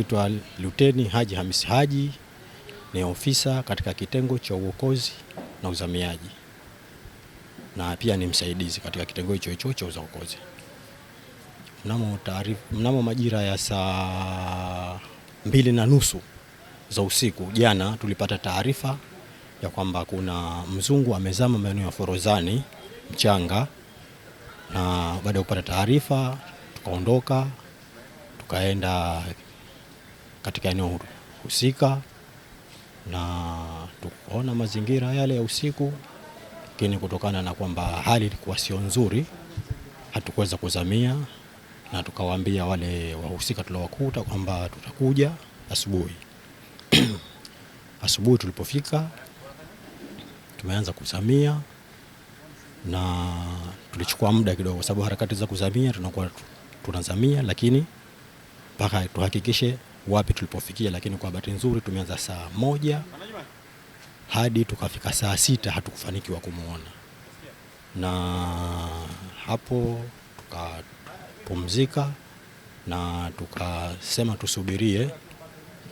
Naitwa Luteni Haji Hamisi Haji, ni ofisa katika kitengo cha uokozi na uzamiaji na pia ni msaidizi katika kitengo hicho hicho cha uokozi. Mnamo taarifa, mnamo majira ya saa mbili na nusu za usiku jana tulipata taarifa ya kwamba kuna mzungu amezama maeneo ya Forozani mchanga, na baada ya kupata taarifa tukaondoka tukaenda katika eneo husika na tukaona mazingira yale ya usiku, lakini kutokana na kwamba hali ilikuwa sio nzuri, hatukuweza kuzamia na tukawaambia wale wahusika tuliowakuta kwamba tutakuja asubuhi. Asubuhi tulipofika, tumeanza kuzamia na tulichukua muda kidogo, kwa sababu harakati za kuzamia tunakuwa tunazamia, lakini mpaka tuhakikishe wapi tulipofikia, lakini kwa bahati nzuri tumeanza saa moja hadi tukafika saa sita hatukufanikiwa kumwona, na hapo tukapumzika na tukasema tusubirie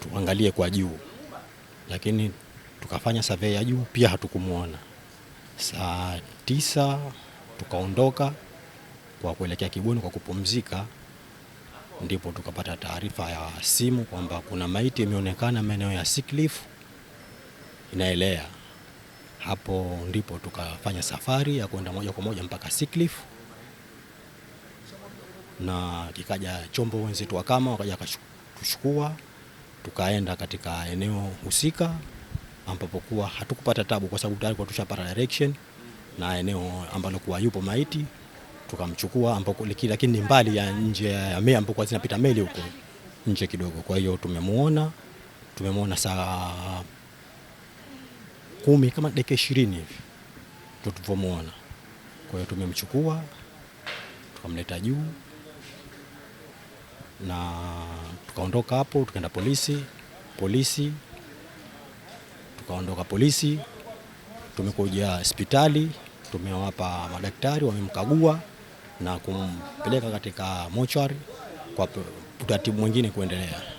tuangalie kwa juu, lakini tukafanya survey ya juu pia hatukumwona. Saa tisa tukaondoka kwa kuelekea Kibweni kwa kupumzika ndipo tukapata taarifa ya simu kwamba kuna maiti imeonekana maeneo ya Siklifu inaelea. Hapo ndipo tukafanya safari ya kwenda moja kwa moja mpaka Siklifu, na kikaja chombo wenzetu wa kama wakaja kushukua, tukaenda katika eneo husika ambapo kuwa hatukupata tabu kwa sababu tayari kwa tushapata direction na eneo ambalo kuwa yupo maiti tukamchukua ambako, lakini ni mbali ya nje ya mea ambako zinapita meli huko nje kidogo. Kwa hiyo tumemuona tumemuona saa kumi kama dakika ishirini hivi ndio tulipomuona. Kwa hiyo tumemchukua tukamleta juu na tukaondoka hapo, tukaenda polisi polisi, tukaondoka polisi, tumekuja hospitali, tumewapa madaktari, wamemkagua na kumpeleka katika mochwari kwa utaratibu mwingine kuendelea.